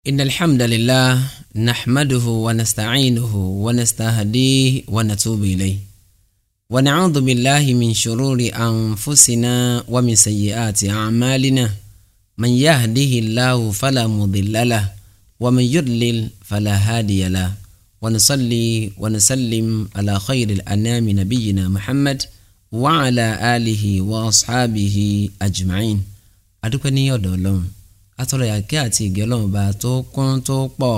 إن الحمد لله نحمده ونستعينه ونستهديه ونتوب إليه ونعوذ بالله من شرور أنفسنا ومن سيئات أعمالنا من يهده الله فلا مضل له ومن يضلل فلا هادي له ونصلي ونسلم على خير الأنام نبينا محمد وعلى آله وأصحابه أجمعين أدوكني يا دولون atọ́lọ̀ yàkẹ́ àti ìgẹ́ ọlọ́run bá tó kún tó pọ̀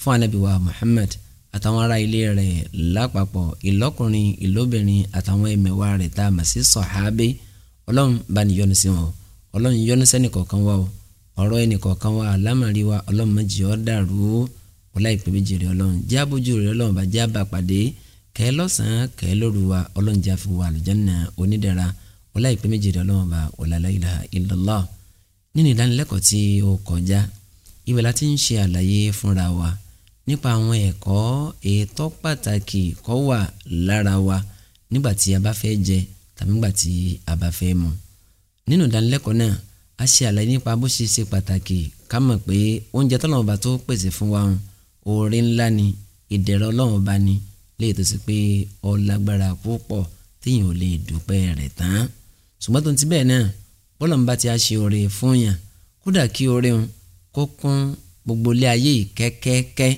fún anabi wa Muhammad àtàwọn ará ilé rẹ̀ lápapọ̀ ìlọ́kùnrin ìlóbìnrin àtàwọn ẹ̀mẹ̀wá rẹ̀ tá a mọ̀ sí sọ̀hábẹ́ ọlọ́run bá ní yọ́nú sí wọn ọlọ́run yọ́nú sẹ́ni kọ̀ọ̀kan wa o ọ̀rọ̀ ẹni kọ̀ọ̀kan wa alámàrí wa ọlọ́run má jẹ́ ó dàrú ọlá ìpè méjì rẹ̀ ọlọ́run jẹ́ abójú rẹ̀ ọlọ́run bá jẹ́ abà pàdé kẹ́ lọ́sàn-án kẹ́ lóru wa ọlọ́run jẹ́ àfi wà àlùjánnà onídẹ̀ra ọlá ìpè méjì rẹ̀ ọlọ́run bá ọlá la ilaha nínú ìdánilẹ́kọ̀ọ́ tí ó kọjá ibẹ̀ la ti ń ṣe àlàyé fúnra wa nípa àwọn ẹ̀kọ́ ètò pàtàkì kọ́ wà lára wa nígbà tí a bá fẹ́ jẹ tàbí nígbà tí a bá fẹ́ mu nínú ìdánilẹ́kọ̀ọ́ náà a ṣe àlàyé nípa bó ṣe ṣe pàtàkì ká mọ̀ pé oúnjẹ tọ́lọ́run ọba tó pèsè fún wa oore ńlá ni ìdẹ̀rọ̀ ọlọ́run ni lè tó sí pé ọlágbára púpọ̀ téèyàn ò lè dúpẹ́ rẹ̀ tán ṣùgbọ́n tó ti bẹ́ẹ̀ náà bọ́lọ̀ ń bá ti a ṣe oore fún yàn kódà kí oore ń kó kún gbogbo ilé ayé yìí kẹ́kẹ́kẹ́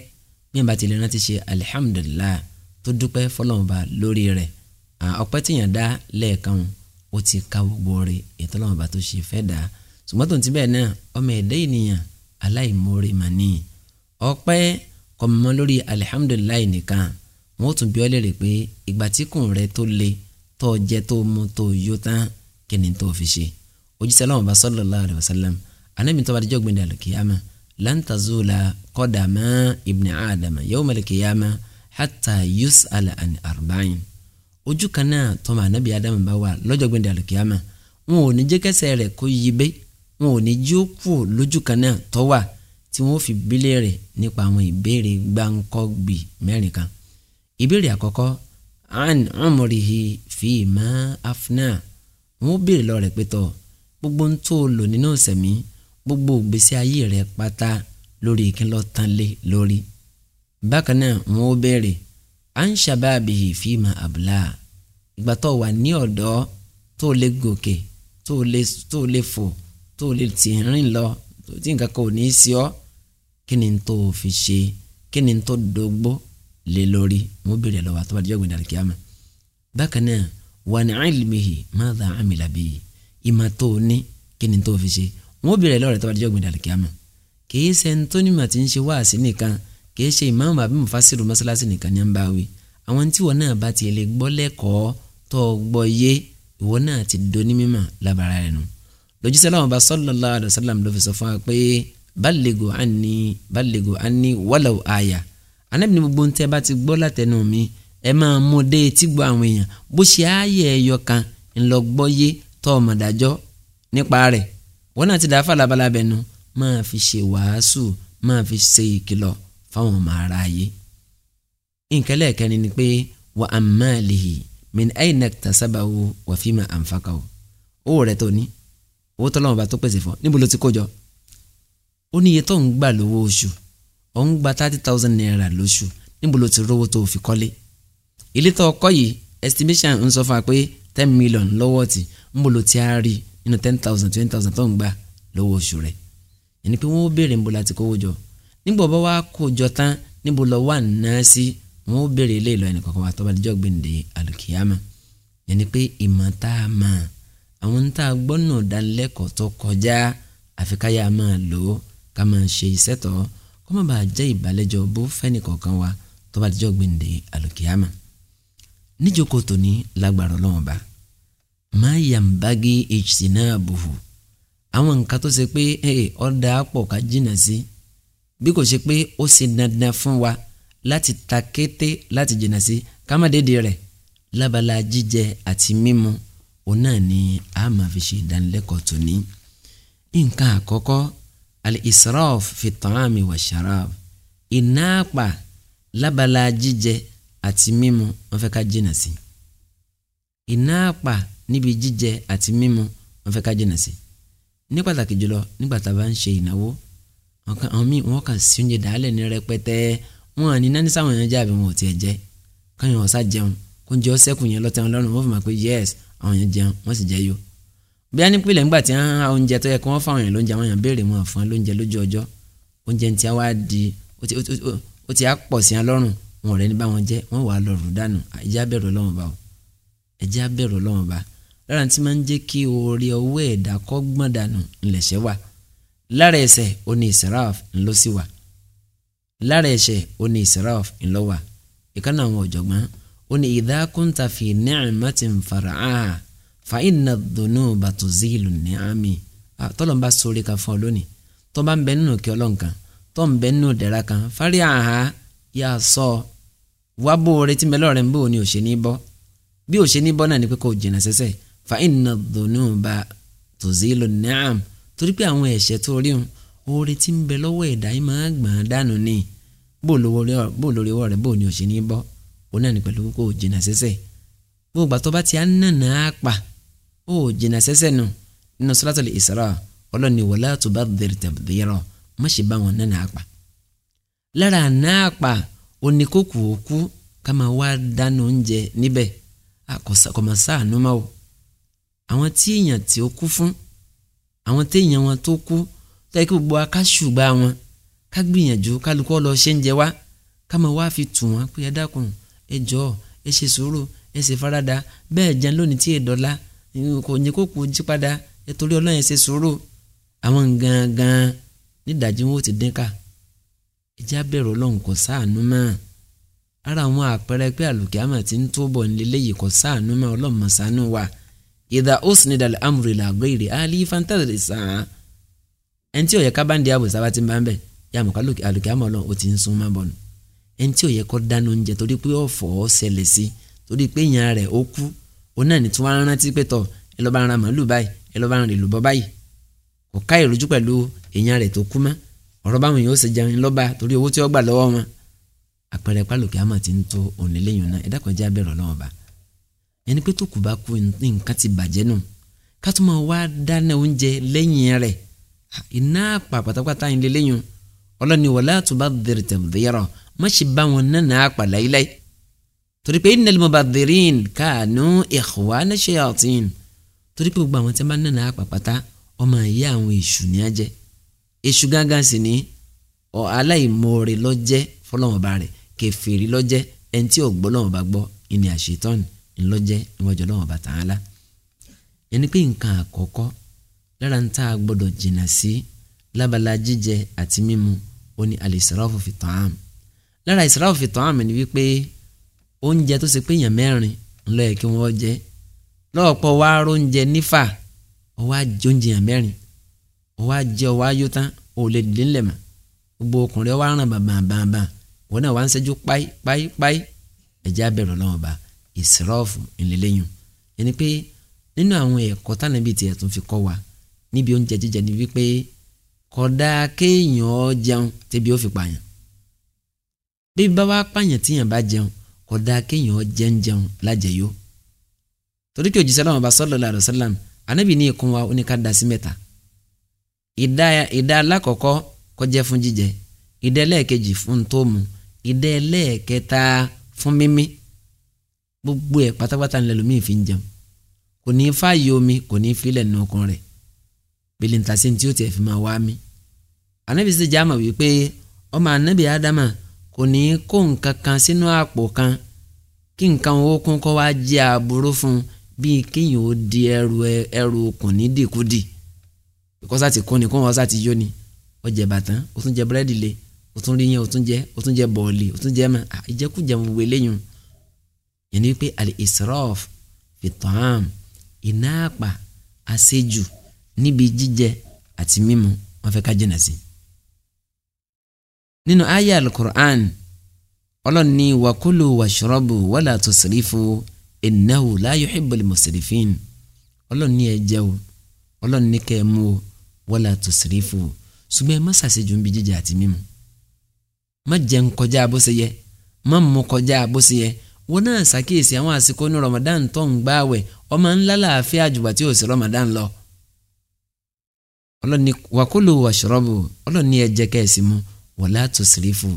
bí ìbá tilẹ̀ rántí ṣe alihamudulilayi tó dúpẹ́ fọlọ́mùbá lórí rẹ̀ ọpẹ́ tíyàn dá lẹ́ẹ̀kan ó ti ka gbogbo oore ìtọ́lọ́mùbá tó ṣe fẹ́ dá ṣùgbọ́n tó ń ti bẹ́ẹ̀ náà ọmọ ẹ̀dá ènìyàn aláìmoore mà ní ọpẹ́ kọ̀mọ́ lórí alihamudulilayi nìkan wọ́n tún bi ọ́ léèrè pé ìgbà tí kùn rẹ tó le tó jẹ tó mu tó yó tán kí ni tó fi ṣe òjíṣẹ́ Ọlọ́run bá sallallahu alaihi wasallam anabi tó bá dijọ́ gbẹ̀dẹ̀ alùkìyàmà lan tazula qadama ibni adama yawma alùkìyàmà hatta yus'ala an arba'in ojú kan náà tọ́mọ anabi adamu bá wà lọ́jọ́ gbẹ̀dẹ̀ alùkìyàmà wọn ò ní jẹ́ kẹsẹ̀ kó yí bẹ́ wọn ò ní jẹ́ kú lójú kan náà wà tí wọ́n fi bílẹ̀ rẹ̀ nípa àwọn ìbéèrè gbáǹkọ́gbì mẹ́rin kan ìbéèrè àkọ́kọ́ an amrihi fi ma afna wọn ó béèrè lọ gbogbo ń tó lò nínú ìsẹ̀mí gbogbo ìgbésí ayé rẹ pátá lórí ìkínlọ́ tán lé lórí. bákan náà wọn ó béèrè à ń ṣàbáàbí ìfìmà àbúlà ìgbà tó wà ní ọ̀dọ́ tó lè gòkè tó lè tó lè fò tó lè tì rìn lọ tí nǹkan kan ò ní í sí ọ kí ni tó fi ṣe kí ni tó dogbo lé lórí wọn ó béèrè lọ́wọ́ àtọ́wádìí ọ̀gbìn dàrí kíámà bákan náà wà ní àìlèmíhì má dà ámì làbíyì ìmọ̀ tó o ní kí ni tó o fi ṣe wọn ò bèrè lọ́rẹ̀ tó bá dijọ́ gbìndàlì kíámà kìí ṣe ntoni mà ti ń ṣe wáàsí nìkan kìí ṣe ìmáàmù àbí mufasiru mọ́sálásí nìkan ní àǹbáwí àwọn tí wọn náà bá tiẹ̀ lè gbọ́ lẹ́kọ̀ọ́ tó gbọ́ yé ìwọ náà ti doni mímọ̀ lábàárà rẹ̀ nù lójúṣe láwọn bá sallallahu alaihi ló fi sọ fún wa pé ballighu anni ballighu anni walau aya anábì ní gbogbo ntẹ́ bá ti gbọ́ látẹnu mi ẹ máa mú dé etí gbọ́ àwọn èèyàn bó ṣe ààyè ẹ̀yọ kan ńlọgbọ́ yé tó o dájọ́ nípa rẹ̀ wọn náà ti dá falabala bẹnu máa fi ṣe wàásù máa fi ṣe ìkìlọ̀ fáwọn ọmọ ara ayé. nǹkan lẹ́ẹ̀kẹrin ni pé wà á máa lè hì min ainek tasabawo wà fi máa ànfàkà o owó rẹ̀ tó ní owó tó lọ́wọ́ bá tó pèsè fún níbo ló ti kó jọ ó ní iye tó ń gbà lówó oṣù ó ń gba thirty thousand naira lóṣù níbo ló ti rówó tó fi kọ́lé ilé tó kọ́ yìí estimation ń sọ fún wa pé ten million lọ́wọ́ tì ń bolo tí a rí nínú ten thousand twenty thousand tó ń gbà lọ́wọ́ oṣù rẹ̀ ẹni pé wọ́n ó béèrè ń bo láti kówó jọ nígbà bá wá kó jọ tán níbo lọ wà náà sí wọn ó béèrè ilé ìlọ ẹnì kọ̀ọ̀kan wa tó bá dijọ́ gbèǹde àlùkìyàmà ẹni pé ìmọ̀ tá a mọ̀ àwọn tá a gbọ́ náà dánilẹ́kọ̀ọ́ tó kọjá àfi káyà máa lò ó ká máa ṣe iṣẹ́ kó má bàa jẹ́ ìbálẹ́jọ́ bó fẹ́ni kọ̀ọ̀kan wa tó bá dijọ́ gbèǹde níjókòó tòní lágbára Ọlọ́run bá mayambagi ijtinabuhu àwọn nǹkan tó ṣe pé ọ̀dà eh, pọ̀ ká jìnnà sí bí kò ṣe pé ó ṣe dandan fún wa láti ta kété láti jìnnà sí kámádédé rẹ̀ lábala jíjẹ àti mímu òun náà ni a máa fi ṣe ìdánilẹ́kọ̀ọ́ tòní. nǹkan àkọ́kọ́ al-israf fi ta'ami wa sharaf iná àpà lábala jíjẹ àti mímu wọ́n fẹ́ ká jìnnà sí. iná àpà níbi jíjẹ àti mímu wọn fẹ́ ká jìnà sí ní pàtàkì jùlọ nígbà tá a bá ń ṣe ìnáwó àwọn míì wọn kàn sí oúnjẹ dàálẹ̀ ní rẹpẹtẹ wọn àní náà ní sáwọn èèyàn jẹ àbí wọn ò tiẹ̀ jẹ káyọ̀ ọ̀sá jẹun kó ń jẹ ọ́sẹ́kùn yẹn lọ́tẹ̀ wọn lọ́rùn wọn fi máa pé yẹ́s àwọn èèyàn jẹun wọ́n sì jẹ yó bí a ní pìlẹ̀ ńgbà tí wọ́n á oúnjẹ tó yẹ kí wọ́n fáwọn èèyàn lóúnjẹ àwọn èèyàn béèrè wọn fún lóúnjẹ lójú ọjọ́ oúnjẹ ti wá di ó ti á pọ̀ sí wọn lọ́rùn wọn ò rẹ́ni bá wọn jẹ wọ́n wà á lọ rù dànù ẹ̀jẹ̀ á bẹ̀rù Ọlọ́run ẹ̀jẹ̀ á bẹ̀rù Ọlọ́run lára tí máa ń jẹ́ kí oore ọwọ́ ẹ̀dá kọ́ gbọ́n dànù ńlẹ̀ṣẹ̀ wà lára ẹ̀ṣẹ̀ ó ní israf ńlọ sí wà lára ẹ̀ṣẹ̀ ó ní israf ńlọ wà ìkànnì àwọn ọ̀jọ̀gbọ́n ó ní idha kunta fi ni'matin fara'aha fa inna dhunuba tuzilu ni'ami tọ́lọ́mbà sórí kan fún ọ lónìí tó bá ń bẹ nínú kí ọlọ́run kan tó ń bẹ nínú dẹ̀ra kan fárí àhá yà sọ wá bó retí mẹ́lọ́ọ̀rẹ́ ń bò ní òṣèlú bọ́ bí òṣèlú bọ́ náà ni pé kò jìnnà sẹ́sẹ́ fa inna ba tuzilu ni'am torí pé àwọn ẹ̀ṣẹ̀ tó rí wọn oore tí ń bẹ lọ́wọ́ ẹ̀dá yìí máa gbọ̀n dànù ni bó lórí ọwọ́ rẹ̀ bó ni òṣì ní bọ́ òun náà ní pẹ̀lú kó o jìnnà sẹ́sẹ̀ bó gbà tó bá ti á á pa ó jìnnà sẹ́sẹ̀ nù nínú suratul Isra ọlọ́ni wala tubadhir tabdhira má ṣe bá wọn nànà á pa lára àná á pa òní kó kù ó kú ká máa wá dànù oúnjẹ níbẹ̀ kò máa wò àwọn tí èèyàn tí ó kú fún àwọn téèyàn wọn tó kú tẹ́ kí gbogbo akáṣùgbà wọn ká gbìyànjú kálukọ́ lọ ṣe ń jẹ wá ká máa wá fi tù wọ́n pé ẹ dákun ẹ jọ ẹ ṣe sùúrù ẹ ṣe farada bẹ́ẹ̀ jẹun lónìí tí ẹ dọ́là kò ní kó kú jí padà ẹ torí ọlọ́run ṣe sùúrù àwọn gangan nídàájí wọn ò ti dín ká ìjà bẹ̀rù ọlọ́run kò sáànú mọ́ ara àwọn àpẹẹrẹ pé àlùkìyámà ti ń tó nílé yìí kò sáànú mọ́ ọlọ́run mọ̀ sáànú ìdá usnida al la ila ghairi ahli fantazir sàn ah, ẹn tí ó yẹ kábàndì àbòsá bá ti máa ń bẹ̀ yà mọ̀ kálukì àlùkì àmọ́ ọlọ́run ó ti ń sún má bọ̀ nù ẹn tí ó yẹ kọ́ dáná oúnjẹ torí pé ọ̀fọ̀ ṣẹlẹ̀ sí torí pé ìyàn rẹ̀ ó kú ó náà ní tí wọ́n rántí pé tọ̀ ẹ lọ́ọ́ bá ara màálù báyìí ẹ lọ́ọ́ bá ara ìlú bọ́ báyìí kò ká ìrújú pẹ̀lú ìyàn rẹ̀ tó kú mọ́ ọ̀rọ̀ báwọn ẹni pé tó kù bá kú nǹkan ti bàjẹ́ nù ká tó máa wá dáná oúnjẹ lẹ́yìn rẹ̀ iná pa pátápátá yín lé lẹ́yìn ọlọ́ni wọlé àtúbà dèrè tẹ̀mùdéyàrọ̀ má ṣe bá wọn nánà àpà láyíláyí torí pé innal mubadhirin kanu ikhwana shayatin torí pé gbogbo àwọn tí wọ́n bá nánà àpà pátá ọmọ ìyá àwọn èṣù ní ajẹ èṣù gángan sì ni ọ aláìmoore ló fọlọ́wọ́n bá rẹ̀ kèfèrí ló ẹni tí ò ńlọ́jẹ́ níwájú ọlọ́run ọba tààlà yẹn ni pé nǹkan àkọ́kọ́ lára ń tá a gbọ́dọ̀ jìnnà sí lábala jíjẹ àti mímu ó ní al-israfu fi ta'am lára israfu fi ta'am ni wípé oúnjẹ tó ṣe pé èèyàn mẹ́rin ńlọ yẹ kí wọ́n jẹ lọ́ọ̀pọ̀ wá róúnjẹ nífà ó wá jẹ oúnjẹ èèyàn mẹ́rin ó jẹ ó yó tán ó lè dìde ńlẹ̀ mọ́ gbogbo ọkùnrin ó ràn bàbàbàbà wọn náà wá ń ṣẹ́jú páí ẹ̀jẹ̀ abẹ́rẹ́ ọlọ́run ọba ìsirọ́ọ̀fù ńlẹ́lẹ́yìn ẹni pé nínú àwọn ẹ̀kọ́ tánàbí tiẹ̀ tún fi kọ́ wa níbi oúnjẹ jíjẹ ni wípé kódà kéèyàn ó jẹun tẹ́bi ó fi pààyàn bíbí bá wá pààyàn tíyàn bá jẹun kódà kéèyàn ó jẹun jẹun lájẹyó torí pé òjíṣẹ́ aláwọ̀ bá sallallahu alaihi wasallam anábì ní ìkún wa ó ní ká da sí mẹ́ta ìdá ìdá alákọ̀ọ́kọ́ kó fún jíjẹ ìdá ẹlẹ́ẹ̀kejì fún tóòmù ìdá ẹlẹ́ẹ̀kẹta fún mímí gbogbo ẹ̀ pátápátá nílẹ̀ lómi ìfi ń jẹun kò ní fààyè omi kò ní filẹ̀ nínú ọkàn rẹ̀ bẹ́ẹ̀ ni tàṣí tí ó tiẹ̀ fi máa wá mi. ànábì sì jáàmà wípé ọmọ ànábì ádámà kò ní kó nǹkan kan sínú àpò kan kí nǹkan okun kọ́ wá jẹ́ aburú fún un bíi kéèyàn ó di ẹrù ẹrù okùn ní dìkúdì kọ́sá ti kọ́ ni kọ́ wọn sá ti yó ni ó jẹ bàtán ó tún jẹ búrẹ́dì le ó tún rí yẹn ó tún jẹ ó tún jẹ bọ̀ọ̀lì ó tún jẹ mọ́ ìjẹkújẹ ń wọlé yùn yẹn ni pé al-israf fi ta'am iná àpà àṣejù níbi jíjẹ àti mímu wọn fẹ́ ká jìnnà sí. nínú àyá al-Qur'an ọlọ́run ní wakulu washrabu wala tusrifu innahu la yuhibbul musrifin ọlọ́run ní ẹ jẹ o ọlọ́run ní kẹ́ o wala tusrifu ṣùgbọ́n ẹ má ṣàṣejù níbi jíjẹ àti mímu má jẹun kọjá bó ṣe yẹ má mu kọjá bó ṣe yẹ wọn náà ṣàkíyèsí àwọn àsìkò ní Ramadan tó ń gbá àwẹ̀ ọmọ ńlá làáfíà jùgbà tí ò sí Ramadan lọ. ọlọ́ni wàkúlù wàṣọ́rọ́bù ọlọ́ni ẹ jẹ kẹ́ẹ̀sì mu wala tusrifu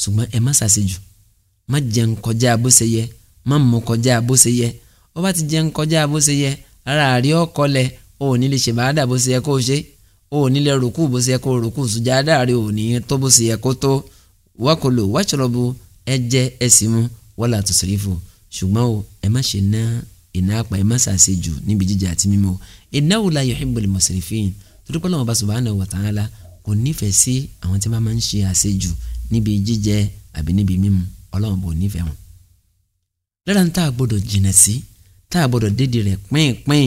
ṣùgbọ́n ẹ má ṣàṣejù má jẹun kọjá bó ṣe yẹ má mu kọjá bó ṣe yẹ ó bá ti jẹun kọjá bó ṣe yẹ ara àrí ọkọlẹ o ò ní lè ṣe bàádà bó ṣe yẹ kó o ṣe o ò ní lè rùkú bó ṣe yẹ kó o rùkú sùjádà rẹ ò ní tó bó ṣe yẹ kó tó wákòlò wáṣọrọbù ẹ jẹ ẹ sì wala tusrifu ṣùgbọ́n o ẹ má ṣe ná iná apá ẹ má ṣàṣe jù níbi jíjẹ àti mímu innahu la yuhibbul musrifin torí pé Ọlọ́hun subhanahu wa ta'ala kò nífẹ̀ẹ́ sí àwọn tí wọ́n máa ń ṣe àṣejù níbi jíjẹ àbí níbi mímu Ọlọ́hun bò nífẹ̀ẹ́ wọn. lára ń tá a gbọ́dọ̀ jìnà sí tá a gbọ́dọ̀ dédìí rẹ̀ pínpín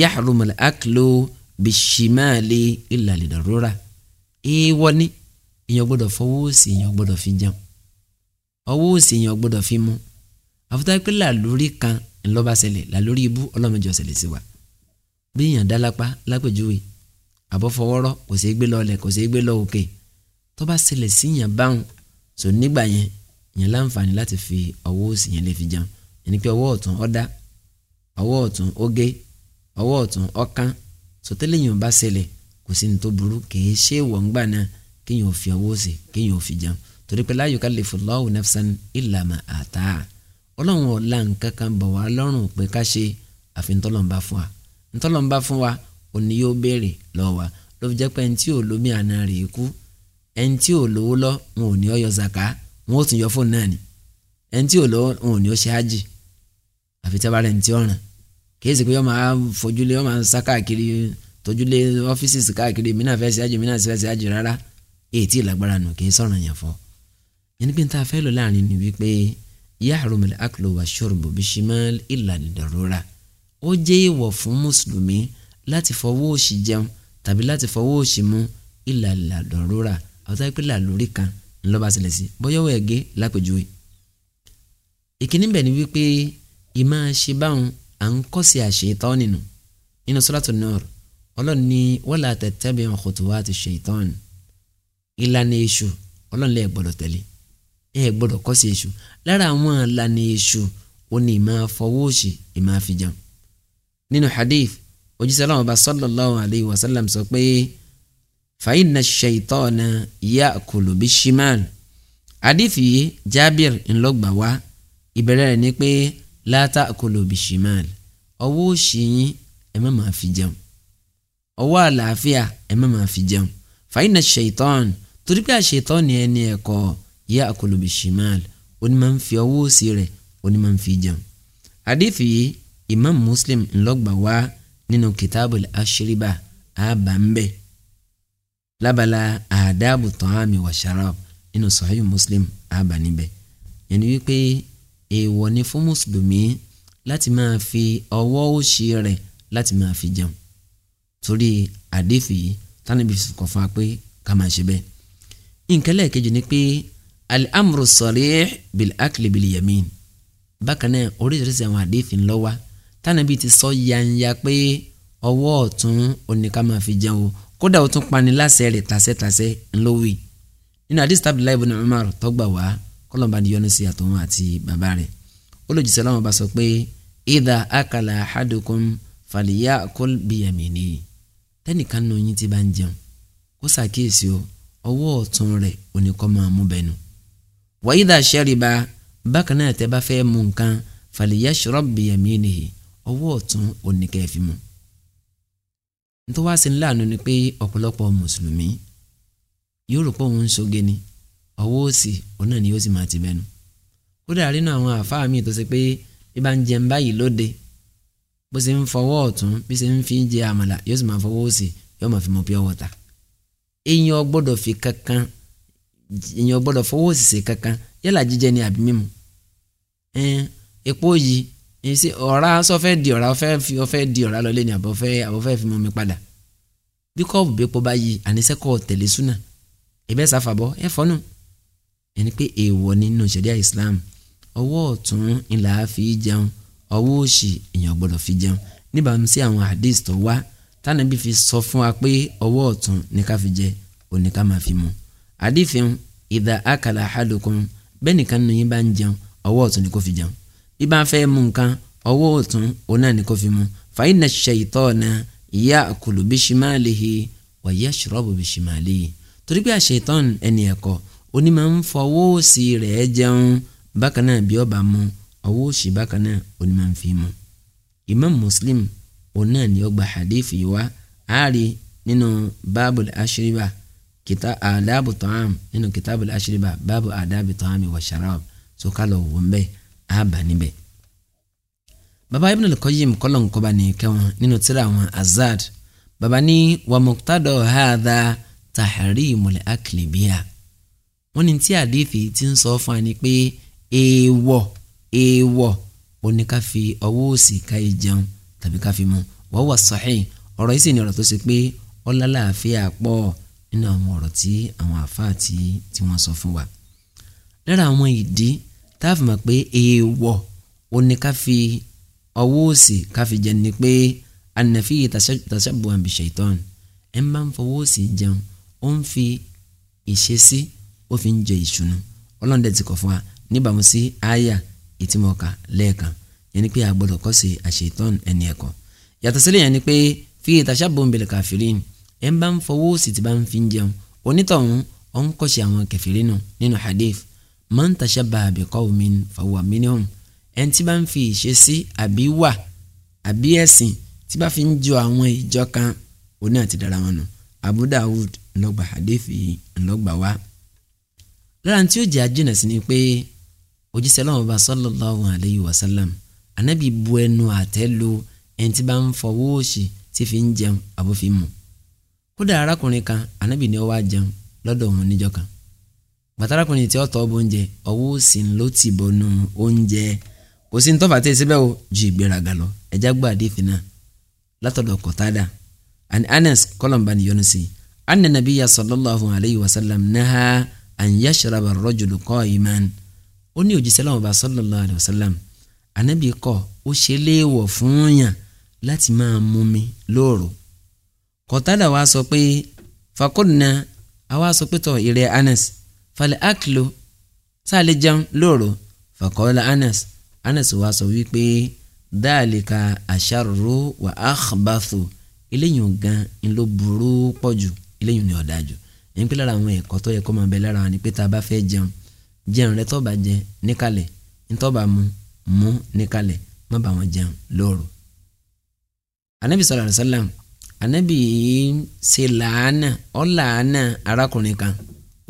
yahrumul bishimali illa lidarura èèwọ̀ ni èèyàn gbọ́dọ̀ fọwọ́ sí ọwọ́ òsì èèyàn gbọ́dọ̀ fi mú àfúta pé làlórí kan ńlọ́ba ṣẹlẹ̀ làlórí ibú ọlọ́mọjọ ṣẹlẹ̀ sí wa bí èèyàn dá lápá lápèjúwe àbọ̀fọwọ́rọ́ kò sí gbé lọ́ọ̀lẹ̀ kò sí gbé lọ òkè tó bá ṣẹlẹ̀ sí èèyàn báwọn sò nígbà yẹn èèyàn láǹfààní láti fi ọwọ́ òsì yẹn lè fi jẹun ni pé ọwọ́ ọ̀tún ọ̀dá ọwọ́ ọ̀tún ọ̀gé ọwọ́ ọ̀tún ọ̀kán sọtẹ́lẹ̀ yìí bá ṣẹlẹ̀ kò sí ní tó burú kì í ṣe ìwọ̀ngbà náà kéèyàn ò fi ọwọ́ òsì kéèyàn ò fi jẹun torí pé la yukallifullahu nafsan illa ma ataha ọlọ́run ọ̀la nǹkan kan bọ̀ wá lọ́rùn pé ká ṣe àfi ntọ́lọ́mbà fún wa ntọ́lọ́mbà fún wa òní yóò béèrè lọ́wọ́ wa ló fi jẹ́ pé ẹni tí ò lómi àná rè é kú ẹni tí ò lówó lọ wọn ò ní ọ yọ zaka wọn ò tún yọ fóònù náà ni ẹni tí ò lówó wọn ò ní ọ ṣe hájì àfi tí a bá rẹ̀ ní ti ọ̀ràn kìí sì pé ọmọ àfojúlé ọmọ sá káàkiri tójúlé ọ́fíìsì káàkiri mí náà fẹ́ ṣe hájì mí náà fẹ́ ṣe hájì rárá èyí tí ìlágbára nù kìí sọ̀ràn yẹn fún yẹnni pé n ta fẹ́ lọ láàrin ni wípé yahrum al-aklu wa shurbu bishimal illa lidarura ó jẹ́ ìwọ̀ fún mùsùlùmí láti fọwọ́ òsì jẹun tàbí láti fọwọ́ òsì mu illa lidarura àwòtá pé làlórí kan ńlọba sílẹ̀ sí bọ́yọ̀wọ̀ ẹ̀gẹ́ lápèjúwe. ìkíní bẹ̀ ni wípé ìmọ̀ ṣe báwọn à ń kọ́sí àṣetọ́ nínú nínú Suratu Nur ọlọ́run ní wala tattabi'u khutuwati shaytan ìlànà èṣù ọlọ́run lè gbọ́dọ̀ tẹ̀lé ẹ gbọ́dọ̀ kọ́ sí èṣù lára àwọn ìlànà èṣù ó ní ìmọ̀ fọwọ́ òṣì ìmọ̀ àfijàn nínú hadith ojúṣe aláwọ̀ bá sallallahu alayhi wa sallam sọ pé fa inna ash-shaytana ya'kulu bish-shimal hadith yìí Jabir ńlọgbà wá ìbẹ̀rẹ̀ rẹ̀ ni pé la ta'kulu bish-shimal ọwọ́ òṣì yín ẹ má máa fi jẹun ọwọ́ àlàáfíà ẹ má máa fi jẹun fa inna ash torí pé àṣetán ni ẹni ẹ̀kọ́ ya'kulu bishimal oní máa ń fi ọwọ́ òsì rẹ̀ oní máa ń fi jẹun. àdìfì yìí imam muslim ńlọgbà wá nínú kitabul ashriba àbámbẹ́ lábala àdábù tọ́hámi wa sharab nínú sahih muslim àbáníbẹ̀ yẹnni wípé èèwọ̀ ni fún mùsùlùmí láti máa fi ọwọ́ òsì rẹ̀ láti máa fi jẹun torí àdìfì yìí tánibí kọ̀ fún wa pé ká máa ṣe bẹ́ẹ̀. nǹkan lẹ́ẹ̀kejì ni pé al-amru sarih bil-akli bil-yamin bákan náà oríṣiríṣi àwọn àdéhìí ńlọ wá tánàbí ti sọ yanya pé ọwọ́ ọ̀tún oníkà máa fi jẹun o kódà ó tún pani láṣẹ rẹ̀ tàṣẹ́tàṣẹ́ ńlọ́wì nínú àdéhìí Abdullahi ibn Umar tọ́gbà wá kọ́lọ́mbà ni yọ́nú sí àtọ́wọn àti bàbá rẹ̀ olójúṣẹ́ lọ́wọ́ bá sọ pé idha akala ahadukum falyakul biyamini tẹ́nìkan nínú yín ti bá ń jẹun kó ṣàkíyèsí o ọwọ́ ọ̀tún rẹ̀ oníkọ́ máa wa idha shariba bákan náà tẹ́ bá fẹ́ mu nǹkan falyashrab bi yaminihi ọwọ́ ọ̀tún oníkẹ́ẹ̀fì mu. nítorí wá sí ní láàánú ni pé ọ̀pọ̀lọpọ̀ mùsùlùmí yóò rò pé òun ń ṣoge ni ọwọ́ òsì òun náà ni yóò sì máa ti bẹnu. kódà rínú àwọn àáfàá mi tó ṣe pé bí bá ń jẹun báyìí lóde bó ṣe ń fọwọ́ ọ̀tún bí ṣe ń fi jẹ àmàlà yóò sì máa fọwọ́ òsì yóò máa fi mu pure water. èèyàn gbọ́dọ̀ fi kankan èèyàn gbọ́dọ̀ fọwọ́ òṣìṣẹ́ kankan yálà jíjẹ ni àbí mímu epo yìí èsì ọ̀rá sọ́fẹ́ di ọ̀rá ọ̀fẹ́ fi ọ̀fẹ́ di ọ̀rá lọ́lẹ́ ni àbọ̀fẹ́ àbọ̀fẹ́ fi mú mi padà bí kọ́ọ̀bù bẹ́ẹ̀ pọ̀ báyìí àníṣẹ́kọ̀ tẹ̀lé súnà ẹ̀bẹ́ sàfàbọ̀ ẹ̀ fọ́nù ẹni pé èèwọ̀ nínú ṣẹ̀ríà Islam ọwọ́ ọ̀tún ńlá fi jẹun ọwọ́ òsì èèyàn gbọ́dọ̀ fi jẹun níbàámu sí àwọn hadith tó wá tánàbí fi sọ fún wa pé ọwọ́ ọ̀tún ní ká fi jẹ òní ká máa fi mu àdìfín ìdá àkàlà àhàdùkùn bẹ́ẹ̀ nìkan nínú yín bá ń jẹun ọwọ́ ọ̀tún ni kó fi jẹun bí bá fẹ́ mú nǹkan ọwọ́ ọ̀tún òun náà ni kó fi mú fàyínà ṣèyítọ́ọ̀nà ìyá àkùlù bí ṣìmáàlìhì wàyí àṣìrọ́bù bí ṣìmáàlìhì torí pé àṣeyítọ́ọ̀n ẹni ẹ̀kọ́ oní máa ń fọwọ́ òsì rẹ̀ jẹun bákan náà bí ọba mu ọwọ́ òsì bákan náà oní máa ń fi mu Imam Muslim òun ni ó hadith yìí wá àárí nínú báàbùl àṣírí kita adabu ta'am nínú kitabu al-ashriba báàbù adabi ta'ami wa sharab so kálọ̀ wò ń bẹ́ á bà níbẹ̀. baba ibn al-Qayyim kọ́lọ̀ ń kọ́ba ní kẹwọn nínú tírà wọn azad baba ní wa muqtada hadha tahrimul akli biha wọ́n ní tí àdéfì ti ń sọ fún ni pé èèwọ̀ èèwọ̀ ó ní fi ọwọ́ òsì ká yìí jẹun tàbí fi mu wọ́n wà sahih ọ̀rọ̀ yìí sì ni ọ̀rọ̀ tó ṣe pé ọlọ́láàfíà pọ̀ nínú àwọn ọ̀rọ̀ tí àwọn àfáà tí tí wọ́n sọ fún wa lára àwọn ìdí tá a fi mọ̀ pé èèwọ̀ ó ní ká fi ọwọ́ òsì ká fi jẹun ni pé ànàfi tashabu bi shaitan ẹ̀ ń bá ń fọwọ́ òsì jẹun ó ń fi ìṣesí ó fi ń jẹ ìṣúná ọlọ́run ti kọ̀ fún wa níbàámu sí àyà ìtìmọ̀ọ́kà lẹ́ẹ̀kan yẹn ni pé a kọ́ sí àṣetán ẹni ẹ̀kọ́ yàtọ̀ sílẹ̀ yẹn ni pé fi tashabu bil kafirin ẹ̀ ń bá ń fọwọ́ òsì tí bá ń fi jẹun onítọ̀hún ọ̀n kọ́ṣe àwọn kẹfìrí nù nínú hadith man tashabbaha biqawmin fahuwa minhum ẹ̀ ń tí bá ń fi ìṣesí àbí wà àbí ẹ̀sìn tí bá fi ń jọ àwọn ìjọ kan oní àti dára wọn nù Abu Dawud ńlọgbà hadith yìí ńlọgbà wá. lára tí ó jẹ́ àjìnà sí ni pé òjíṣẹ́ lọ́wọ́ bá sallallahu alayhi wa sallam anábì bu ẹnu àtẹ́ lu ẹni tí bá ń fọwọ́ òsì tí fi ń jẹun àbófin mu kódà arákùnrin kan ànábì ni ó wá jẹun lọ́dọ̀ òun níjọ́ kan bàtàrákùnrin tí ó tọ́ bó oúnjẹ ọwọ́ òsì ló ti bọnú oúnjẹ kò sí ntọ́fà tí ìsebẹ́ o ju ìgbéraga lọ ẹ̀já gbọ́ àdéfin látọ̀dọ̀ kọ̀tádà and Anas kọ́lọ̀mbà ni yọnu sí i anna nabiyya sallallahu alayhi wa sallam naha an yashraba ar-rajulu qa'iman ó ní òjíṣẹ́ lọ́wọ́ bá sallallahu alayhi wa sallam anabi kọ́ ó ṣe léèwọ̀ fún yàn láti máa mumi lóòrò Qatada wa sọ pé fakunna àwa sọ pé tọ̀ ìrẹ̀ Anas falẹ̀ akílò sáàlẹ̀ jẹun lóòrò faqala Anas Anas wa sọ wípé dáàlìkà àṣàrò wà áhàbàtò eléyìí gan ń ló burú pọ̀ jù eléyìí ni ọ̀dà jù ẹni pé lára àwọn ẹ̀kọ́ tó yẹ kó máa bẹ lára wọn ni pé tá a bá fẹ́ jẹun jẹun rẹ tó jẹ níkàlẹ̀ ntó mu mu níkàlẹ̀ má bá wọn jẹun lóru. anabi sallallahu alaihi wasallam anabi yìí ṣe làánà ọ làánà arákùnrin kan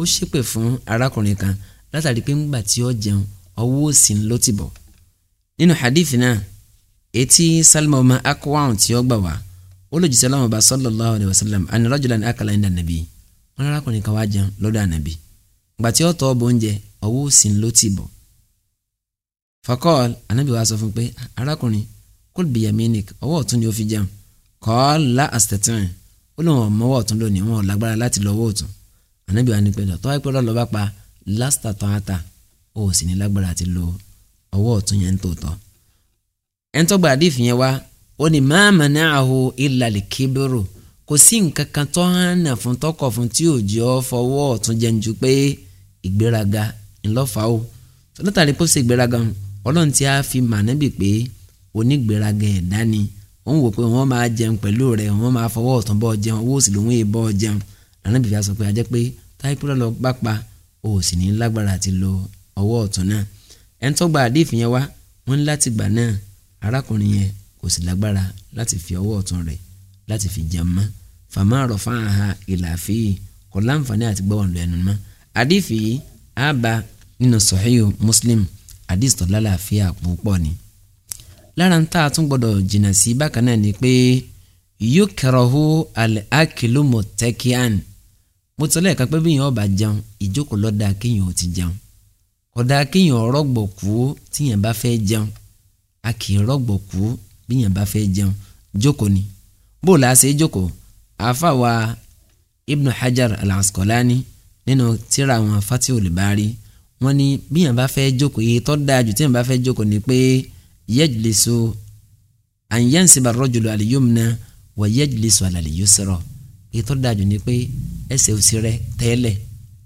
ó ṣépè fún arákùnrin kan látàrí pé ńgbà tí ó jẹun ọwọ́ òsì ló ti bọ̀ nínú hadith náà etí salma ọmọ akọwàhùn tí ó gbà wá ó lòdì sí ọlọ́mọba sallallahu alayhi wa sallam àni rọ́jòlá ní akala ẹ̀dá nàbí wọn arákùnrin kan wá jẹun lọ́dọ̀ ànàbí ìgbà tí ó tọ́ ọ bọ oúnjẹ ọwọ́ òsì ló ti bọ̀ fakọ́ọ̀l ànàbí wa sọ fún pé ah, arákùnrin kul biyaminik ọwọ́ ọ̀tún ni ó fi jẹun kọ́ọ́lá àsìtẹ̀tìrìn ó lóun ọ̀mọ́wọ́ ọ̀tún lónìí wọn ò lágbára láti lọ́wọ́ ọ̀tún ànábì wa ní pẹ̀lú tọ́ ẹ̀pẹ́ lọ́lọ́ bá pa lásìtà tán á ta ó sì ní lágbára àti lo ọwọ́ ọ̀tún yẹn tòótọ́ ẹni tó gba àdìf yẹn wá ó ní máa mà ní àhó ìlàlẹ̀ kébérò kò sí nǹkan kan tó hànà fún tọkọ̀ fún tí ò jẹ́ ọ fọwọ́ ọ̀tún jẹun ju pé ìgbéraga ńlọ́fà ó látàrí pé ó wọ́n wò pé wọ́n máa jẹun pẹ̀lú rẹ̀ wọ́n máa fọwọ́ ọ̀tún bọ́ jẹun owó sì lòun èèbọ̀ jẹun ànábì fi sọ pé ajẹ́ pé táìpúrọ̀ lọ bá pa o sì ní lágbára àti lo ọwọ́ ọ̀tún náà ẹni tó gba àdéhìí yẹn wá wọ́n ní láti gbà náà arákùnrin yẹn kò sì lágbára láti fi ọwọ́ ọ̀tún rẹ̀ láti fi jẹun mọ́ fàmà rọ̀ fáhà ìlàfíì kò láǹfààní àti gbọ́ ọ̀nà lára ń tà tún gbọdọ̀ jìnnà sí bákan náà ni pé yukrahu al-aklu muttaki'an mo tọ́lá ẹ̀ka pé bíyàn ọba jẹun ìjókòó lọ́dà kéèyàn ò ti jẹun kódà kéèyàn rọ́gbọ̀ kú tíyàn bá fẹ́ jẹun a kì í rọ́gbọ̀ kú bíyàn bá fẹ́ jẹun jókòó ni bó la ṣe jókòó àfàwà Ibn Hajar al-Asqalani nínú tírà àwọn Fatihul Bari wọ́n ní bíyàn bá fẹ́ jókòó iye tó dáa jù tíyàn bá fẹ́ jókòó ni pé yajlisu an yansiba ar aliyumna al-yumna wa yajlisu ala al-yusra ètò dájú ni pé ẹsẹ̀ òsì rẹ tẹ́lẹ̀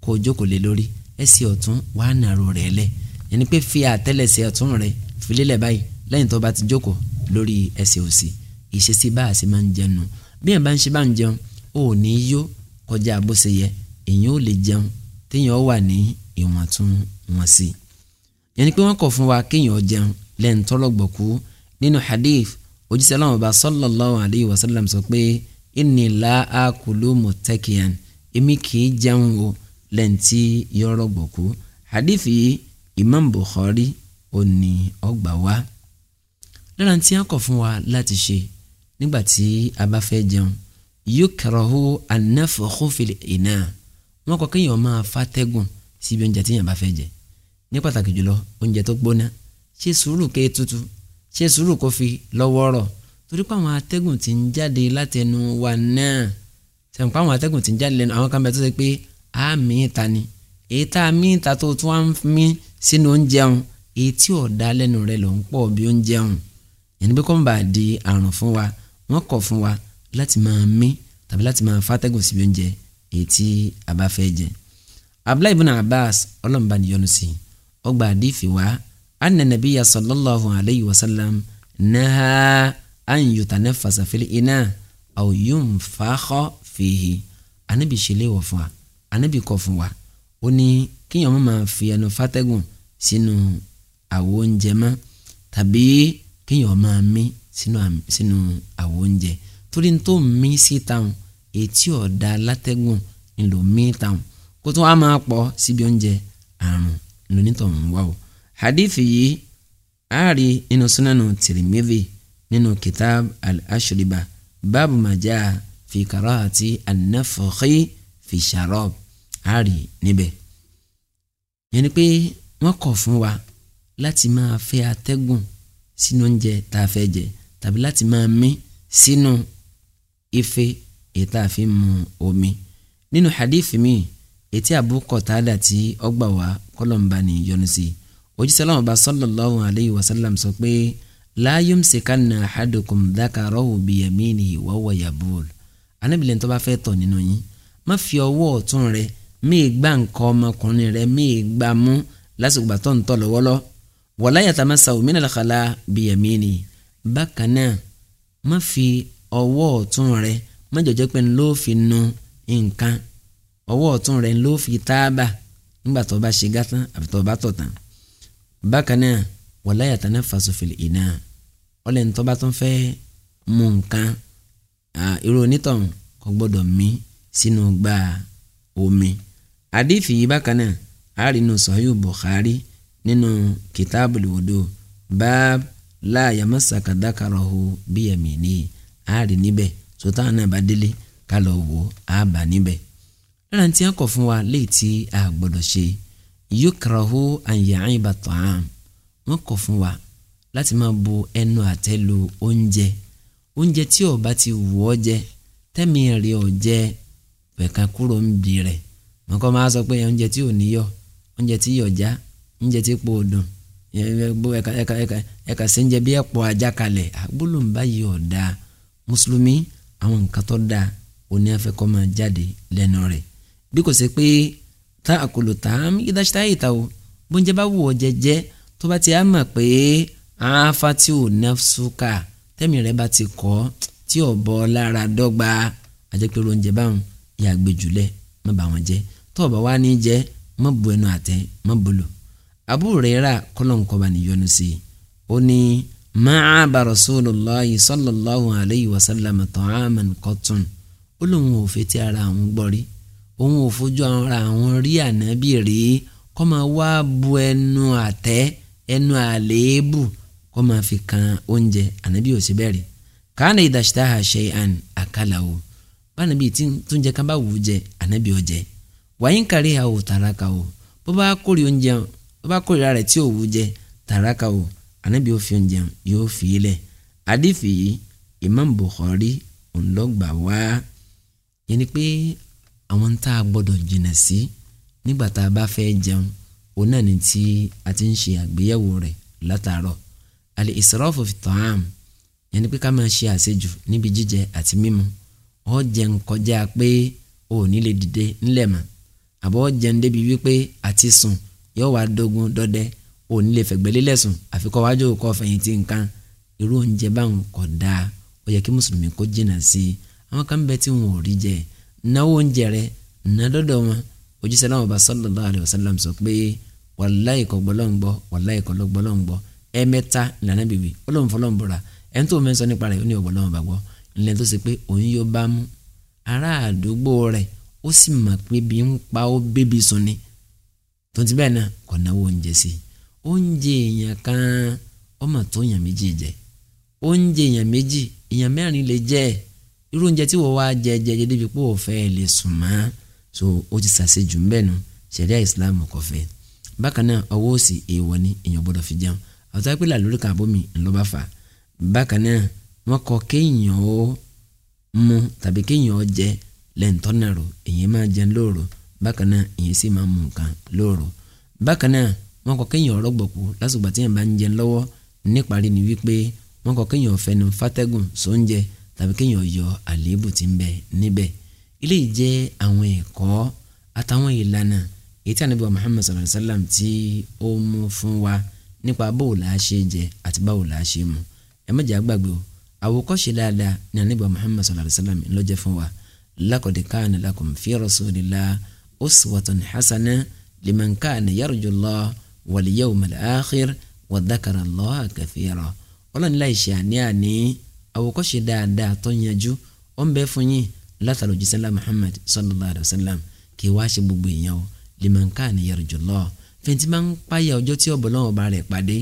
kó o jókòó lé lórí ẹsẹ̀ ọ̀tún wàá nàró rẹ̀ lẹ̀ yẹn ni pé fi àtẹ́lẹsẹ̀ ọ̀tún rẹ filélẹ̀ báyìí lẹ́yìn tó bá ti jókòó lórí ẹsẹ̀ òsì ìṣesí bá a sì máa ń jẹun bí ẹ̀ bá ń ṣe bá ń jẹun ó ní yó kọjá bó ṣe yẹ èyàn ò lè jẹun téèyàn wà ní ìwọ̀ntúnwọ̀nsì yẹn pé wọ́n kọ̀ fún wa kéèyàn jẹun lẹ́yìn tọ́lọ́gbọ̀kú nínú hadith ojúṣe aláwọ̀ bá sallallahu alayhi wa sallam sọ pé inni la akulu muttakiyan èmi kìí jẹun o lẹ́yìn tí yọ̀rọ̀gbọ̀kú hadith yìí Imam Bukhari ó ní ọgbà wá lára tí a kọ̀ fún wa láti ṣe nígbà tí a bá fẹ́ jẹun yukrahu an-nafkhu fil ina wọn kọ kéèyàn máa fa tẹ́gùn síbi oúnjẹ tí èèyàn bá fẹ́ jẹ ní pàtàkì jùlọ oúnjẹ tó gbóná ṣe sùúrù ké tutù ṣe sùúrù kó fi lọ́wọ́ rọ̀ torí pé àwọn atẹ́gùn ti ń jáde láti ẹnu wa náà sẹ̀ǹ pa àwọn atẹ́gùn ti ń jáde lẹ́nu àwọn kan bẹ tó ṣe pé àmì ìta ni èyí tá a mí ìta tó tún wá ń mí sínú oúnjẹun èyí tí ọ̀dà lẹ́nu rẹ̀ ló ń pọ̀ bí oúnjẹun yẹn ni pé kó ń bà di àrùn fún wa wọ́n kọ̀ fún wa láti máa mí tàbí láti máa fàtẹ́gùn síbi oúnjẹ èyí tí a bá fẹ́ jẹ Abdullahi ibn Abbas ọlọ́mùbá ni yọ́nú sí ọgbà àdìfì wá anna nabiyya sallallahu alayhi wa sallam naha an yutanafasa fil ina aw yunfakha fihi anabi ṣẹlẹ̀ wọ̀ fún wa anabi kọ̀ fún wa ó ní kíyàn má máa fi ẹnu fàtẹ́gùn sínú àwo oúnjẹ mọ́ tàbí kíyàn máa mí sínú àwo oúnjẹ torí tó mí síta hàn etí ọ̀dà látẹ́gùn ńlò mí ta hàn kó tó wá máa pọ̀ síbi oúnjẹ àrùn lónítọ̀ ń wá o hadith yìí ààrí inú sunanu Tirmidhi nínú kitab al-ashriba báàbù màjá fi karahati an-nafkhi fi sharab ààrí níbẹ̀ yẹn ni pé wọ́n kọ̀ fún wa láti máa fẹ́ atẹ́gùn sínú oúnjẹ tá a fẹ́ jẹ tàbí láti máa mí sínú ife èyí tá omi nínú hadith mi ètí Abu Qatada tí ọgbà wa kọlọ̀ǹba yọnu sí i òjíṣẹ́ lọ́wọ́ bá sallallahu alayhi wa sallam sọ pé la yumsikanna ahadukum dhakarahu biyaminihi wa huwa yabul anábìlẹ̀ tó bá fẹ́ tọ̀ nínú yín má fi ọwọ́ ọ̀tún rẹ míì gbá nǹkan ọmọkùnrin rẹ míì gbá mú lásìkò bàtọ́ ń tọ̀ lọ́wọ́lọ́ wala yatamassau minal khala biyaminihi bákan náà má fi ọwọ́ ọ̀tún rẹ má jọ̀jọ́ pé ń ló fi nu nǹkan ọwọ́ ọ̀tún rẹ ń ló fi táàbà nígbà tó bá ṣe gátán àbí tó bá tọ̀ tán bákan náà wala yatanaffasu fil ina ọlẹ́ ní tọ́ba tó ń fẹ́ mú nǹkan irú onítọ̀hún kò gbọ́dọ̀ mí sínú gbá omi àdìfì yìí bákan náà àárínú sọ́yìn Bukhari nínú kìtàbù lùwòdò báb láàyè mọ́sàkà dákàrọ̀ hù bíyàmì ní àárín níbẹ̀ sọ́tà náà bá délé ká lọ wò á bà níbẹ̀. lára tí a kọ̀ fún wa léè tí a gbọ́dọ̀ yukrahu an ya'iba ta'am wọ́n kọ̀ fún wa láti máa bu ẹnu àtẹ́ lu oúnjẹ oúnjẹ tí ó bá ti wù ọ́ jẹ tẹ́mi rí ọ jẹ pẹ̀ka kúrò ń bì rẹ̀ wọ́n kọ́ máa sọ pé oúnjẹ tí ò níyọ̀ oúnjẹ tí yọ̀ oúnjẹ tí pò dùn ẹ̀ka ẹ̀ka bí ẹ̀pọ̀ ajá kalẹ̀ yìí ọ̀ mùsùlùmí àwọn nǹkan tó dáa òní afẹ́kọ́ máa jáde lẹ́nu rẹ̀ bí kò ṣe pé tá àkòlò tán ìdáṣítá ìta o bóúnjẹ bá wù ọ́ jẹjẹ tó bá ti á mọ̀ pé àáfà tí ò nafsuka tẹ́mi rẹ̀ bá ti kọ́ tí ò bọ́ lára dọ́gba àjẹpẹ́rọ oúnjẹ báwọn ìyàgbé jùlẹ̀ má bà wọ́n jẹ́ tó o wá ní jẹ́ má bu ẹnu àtẹ́ má bolo Abu Huraira kọ́lọ́nkọ́ba níyọnu sí i ó ní máa bá Rasulullahi sallallahu alayhi wa sallam ta'aman qatun ó lóun ò fetí ara àwọn gbọ́ òun ò fojú ara àwọn rí ànábì rí kó máa wá bu ẹnu àtẹ́ ẹnu àléébù kó máa fi kan oúnjẹ ànábì ò sí bẹ́ẹ̀ rí kàánà ìdàṣítà àṣẹ àn àkàlà o bánàbí tí oúnjẹ kan bá wù ú jẹ ànábì ò jẹ wàyí ń kárí àwò tàràkà o bó bá kórè oúnjẹ bó bá kórè rẹ tí ò wù ú jẹ tàràkà o ànábì ò fi oúnjẹ yóò fi í àdìfì yìí Imam Bukhari ńlọgbà wá yẹn ni pé àwọn tá a gbọ́dọ̀ jìnà sí nígbà tá a bá fẹ́ jẹun òun náà ni tí a ti ń ṣe àgbéyẹ̀wò rẹ̀ látàárọ̀ àlè ìsọ̀rọ̀fù tọ́hám yẹn ni pé ká máa ṣe àṣejù níbi jíjẹ àti mímu ọ jẹun kọjá pé o ò ní lè dìde ńlẹ̀ mọ́ àbọ̀ ọ jẹun débi wípé àti sùn yóò wá dógun dọdẹ o ò ní lè fẹ̀gbẹ́lélẹ̀ sùn àfikọ́ wájú kọ́ fẹ̀yìntì nǹkan irú oúnjẹ báwọn kò dáa ó yẹ kí mùsùlùmí kó jìnnà sí àwọn kan bẹ tí wọn ò rí jẹ náwó oúnjẹ rẹ ná lọ́dọ̀ wọn ọba sallallahu alaihi wasallam sọ pé wàláì kọ gbọ́lọ́ ń gbọ́ wàláì kọ lọ́gbọ́lọ́ ń gbọ́ ẹ̀ẹ̀mẹ́ta ìlànà bìbì ọlọ́run fọlọ́run bọ̀ra ẹni tó o mẹ́sàn nípa rẹ̀ ó ní ọ̀gbọ́lọ́run bá gbọ́ ilẹ̀ tó ṣe pé òun yóò bá mú ará àdúgbò rẹ̀ ó sì mọ̀ pé bí ń pa ó bébí sùn ni tó ti náà kò náwó oúnjẹ sí i oúnjẹ èèyàn kan ọmọ tó èèyàn méjì jẹ oúnjẹ èèyàn méjì èèyàn mẹ́rin lè jẹ́ ẹ̀ irú oúnjẹ tí wọ́n wá jẹ jẹjẹ débi pé òun lè sùn mọ́ so ó ti sàṣe jù ń bẹ̀ nu ṣẹ̀ríà ìsìlámù kò fẹ́ bákan náà ọwọ́ òsì èèwọ̀ ni èèyàn gbọ́dọ̀ fi jẹun àwòtá pé làlórí kan àbómi ńlọ bá fà bákan náà wọ́n kọ kéèyàn ó mu tàbí kéèyàn ó jẹ lẹ́ǹtọ́nà rò èèyàn máa jẹun lóòrò bákan náà èèyàn sì máa mu nǹkan lóòrò bákan náà wọ́n kọ kéèyàn ó rọ́gbọ̀kú lásìgbà tí bá ń jẹun lọ́wọ́ níparí ni wípé wọ́n kọ kéèyàn ó fẹnu fátẹ́gùn sóúnjẹ tàbí kéèyàn yọ àléébù tí ń bẹ níbẹ̀ ilé ìjẹ́ àwọn ẹ̀kọ́ àtàwọn ìlànà èyí tí ànábì wa Muhammad sallallahu alayhi wa sallam tí ó mú fún wa nípa báwo la ṣe jẹ àti báwo la ṣe mu ẹ má jẹ́ àgbàgbé o àwòkọ́ṣe dáadáa ní ànábì wa Muhammad sallallahu alayhi wa sallam ló jẹ́ fún wa laqad kana lakum fi rasulillah uswatun hasana liman kana yarju Allah wal yawmal akhir wa dhakara Allah kathira ọlọ́ni láì ṣe àwòkọ́ṣe dáadáa tó yanjú ó ń bẹ fún yín látàrí òjíṣẹ́ Muhammad sallallahu alayhi wa sallam kì í wá ṣe gbogbo èèyàn o liman kana yarjullah fẹ̀ntì máa ń páyà ọjọ́ tí ọ̀bọ̀ lọ́wọ́ ọba rẹ̀ pàdé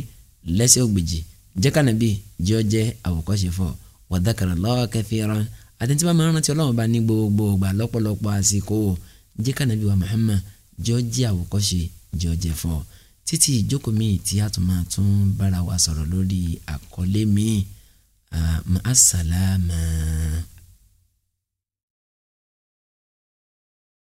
lẹ́sẹ̀ ògbèjì jẹ́kànnàbí jẹ́ ọ jẹ́ àwòkọ́ṣe fọ́ wa dhakarallaha kathiran àtẹ̀ntì máa ń rántí ọlọ́wọ́ bá ní gbogbo ìgbà lọ́pọ̀lọpọ̀ wa Muhammad jẹ́ ọ jẹ́ àwòkọ́ṣe jẹ́ ọ jẹ́ fọ́ títí ìjókòó míì tí a آه، مع السلامة